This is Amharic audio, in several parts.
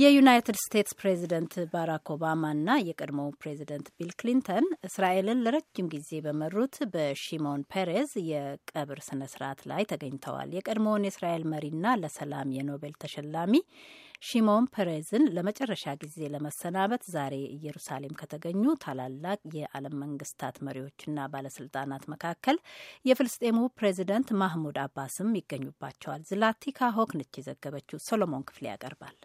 የዩናይትድ ስቴትስ ፕሬዚደንት ባራክ ኦባማና የቀድሞው ፕሬዚደንት ቢል ክሊንተን እስራኤልን ለረጅም ጊዜ በመሩት በሺሞን ፔሬዝ የቀብር ስነ ስርዓት ላይ ተገኝተዋል። የቀድሞውን የእስራኤል መሪና ለሰላም የኖቤል ተሸላሚ ሺሞን ፔሬዝን ለመጨረሻ ጊዜ ለመሰናበት ዛሬ ኢየሩሳሌም ከተገኙ ታላላቅ የዓለም መንግስታት መሪዎችና ባለስልጣናት መካከል የፍልስጤሙ ፕሬዚደንት ማህሙድ አባስም ይገኙባቸዋል። ዝላቲካ ሆክ ነች የዘገበችው። ሶሎሞን ክፍሌ ያቀርባል።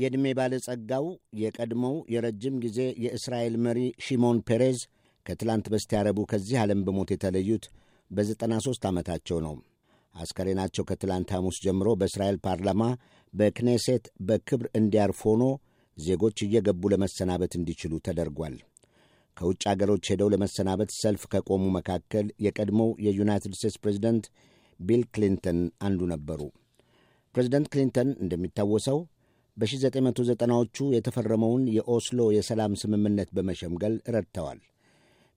የዕድሜ ባለጸጋው የቀድሞው የረጅም ጊዜ የእስራኤል መሪ ሺሞን ፔሬዝ ከትላንት በስቲያ ረቡዕ ከዚህ ዓለም በሞት የተለዩት በ93 ዓመታቸው ነው። አስከሬናቸው ከትላንት ሐሙስ ጀምሮ በእስራኤል ፓርላማ በክኔሴት በክብር እንዲያርፍ ሆኖ ዜጎች እየገቡ ለመሰናበት እንዲችሉ ተደርጓል። ከውጭ አገሮች ሄደው ለመሰናበት ሰልፍ ከቆሙ መካከል የቀድሞው የዩናይትድ ስቴትስ ፕሬዚደንት ቢል ክሊንተን አንዱ ነበሩ። ፕሬዚደንት ክሊንተን እንደሚታወሰው በ1990ዎቹ የተፈረመውን የኦስሎ የሰላም ስምምነት በመሸምገል ረድተዋል።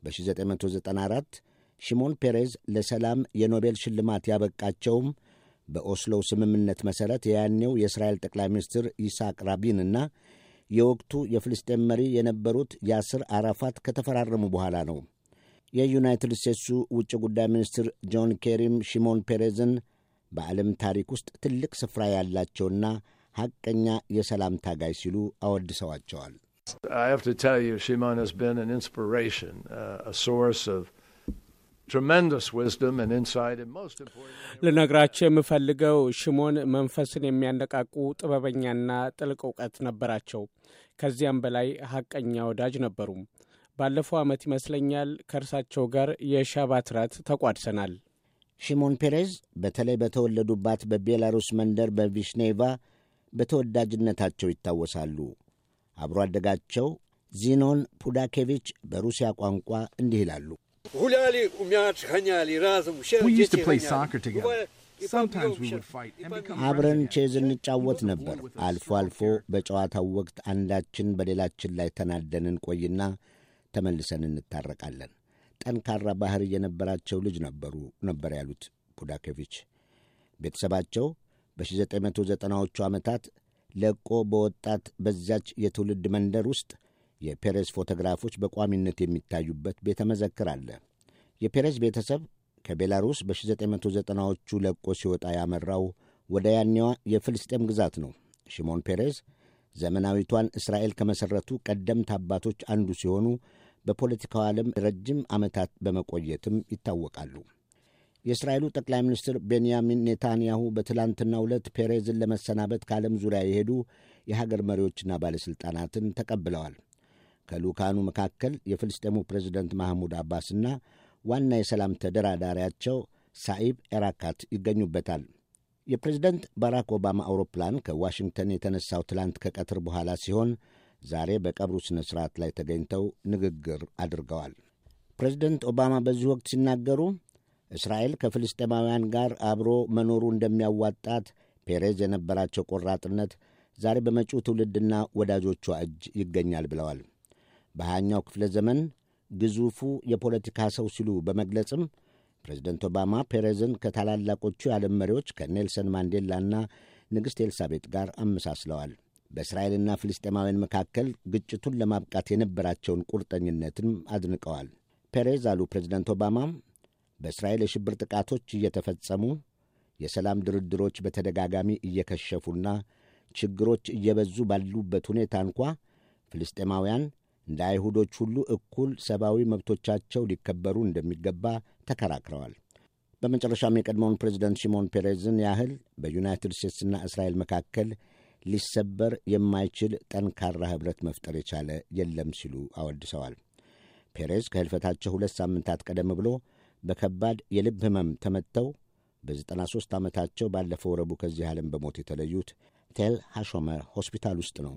በ1994 ሽሞን ፔሬዝ ለሰላም የኖቤል ሽልማት ያበቃቸውም በኦስሎው ስምምነት መሠረት የያኔው የእስራኤል ጠቅላይ ሚኒስትር ይስሐቅ ራቢንና የወቅቱ የፍልስጤም መሪ የነበሩት ያስር አራፋት ከተፈራረሙ በኋላ ነው። የዩናይትድ ስቴትሱ ውጭ ጉዳይ ሚኒስትር ጆን ኬሪም ሽሞን ፔሬዝን በዓለም ታሪክ ውስጥ ትልቅ ስፍራ ያላቸውና ሐቀኛ የሰላም ታጋይ ሲሉ አወድሰዋቸዋል። uh, ልነግራቸው የምፈልገው ሽሞን መንፈስን የሚያነቃቁ ጥበበኛና ጥልቅ እውቀት ነበራቸው። ከዚያም በላይ ሐቀኛ ወዳጅ ነበሩም። ባለፈው ዓመት ይመስለኛል ከእርሳቸው ጋር የሻባት ራት ተቋድሰናል። ሽሞን ፔሬዝ በተለይ በተወለዱባት በቤላሩስ መንደር በቪሽኔቫ በተወዳጅነታቸው ይታወሳሉ። አብሮ አደጋቸው ዚኖን ፑዳኬቪች በሩሲያ ቋንቋ እንዲህ ይላሉ። አብረን ቼዝ እንጫወት ነበር። አልፎ አልፎ በጨዋታው ወቅት አንዳችን በሌላችን ላይ ተናደንን ቆይና ተመልሰን እንታረቃለን። ጠንካራ ባህር የነበራቸው ልጅ ነበሩ ነበር ያሉት ፑዳኬቪች። ቤተሰባቸው በ1990ዎቹ ዓመታት ለቆ በወጣት በዛች የትውልድ መንደር ውስጥ የፔሬዝ ፎቶግራፎች በቋሚነት የሚታዩበት ቤተ መዘክር አለ። የፔሬዝ ቤተሰብ ከቤላሩስ በ1990ዎቹ ለቆ ሲወጣ ያመራው ወደ ያኔዋ የፍልስጤም ግዛት ነው። ሽሞን ፔሬዝ ዘመናዊቷን እስራኤል ከመሠረቱ ቀደምት አባቶች አንዱ ሲሆኑ በፖለቲካው ዓለም ረጅም ዓመታት በመቆየትም ይታወቃሉ። የእስራኤሉ ጠቅላይ ሚኒስትር ቤንያሚን ኔታንያሁ በትላንትና ዕለት ፔሬዝን ለመሰናበት ከዓለም ዙሪያ የሄዱ የሀገር መሪዎችና ባለሥልጣናትን ተቀብለዋል። ከልኡካኑ መካከል የፍልስጤሙ ፕሬዚደንት ማህሙድ አባስና ዋና የሰላም ተደራዳሪያቸው ሳኢብ ኤራካት ይገኙበታል። የፕሬዝደንት ባራክ ኦባማ አውሮፕላን ከዋሽንግተን የተነሳው ትላንት ከቀትር በኋላ ሲሆን ዛሬ በቀብሩ ሥነ ሥርዓት ላይ ተገኝተው ንግግር አድርገዋል። ፕሬዚደንት ኦባማ በዚህ ወቅት ሲናገሩ እስራኤል ከፍልስጤማውያን ጋር አብሮ መኖሩ እንደሚያዋጣት ፔሬዝ የነበራቸው ቆራጥነት ዛሬ በመጪው ትውልድና ወዳጆቿ እጅ ይገኛል ብለዋል። በሃያኛው ክፍለ ዘመን ግዙፉ የፖለቲካ ሰው ሲሉ በመግለጽም ፕሬዝደንት ኦባማ ፔሬዝን ከታላላቆቹ የዓለም መሪዎች ከኔልሰን ማንዴላና ንግሥት ኤልሳቤጥ ጋር አመሳስለዋል። በእስራኤልና ፍልስጤማውያን መካከል ግጭቱን ለማብቃት የነበራቸውን ቁርጠኝነትም አድንቀዋል። ፔሬዝ አሉ ፕሬዝደንት ኦባማ በእስራኤል የሽብር ጥቃቶች እየተፈጸሙ የሰላም ድርድሮች በተደጋጋሚ እየከሸፉና ችግሮች እየበዙ ባሉበት ሁኔታ እንኳ ፍልስጤማውያን እንደ አይሁዶች ሁሉ እኩል ሰብአዊ መብቶቻቸው ሊከበሩ እንደሚገባ ተከራክረዋል። በመጨረሻም የቀድሞውን ፕሬዚደንት ሺሞን ፔሬዝን ያህል በዩናይትድ ስቴትስና እስራኤል መካከል ሊሰበር የማይችል ጠንካራ ኅብረት መፍጠር የቻለ የለም ሲሉ አወድሰዋል። ፔሬዝ ከህልፈታቸው ሁለት ሳምንታት ቀደም ብሎ በከባድ የልብ ህመም ተመትተው በ93 ዓመታቸው ባለፈው ረቡዕ ከዚህ ዓለም በሞት የተለዩት ቴል ሃሾመር ሆስፒታል ውስጥ ነው።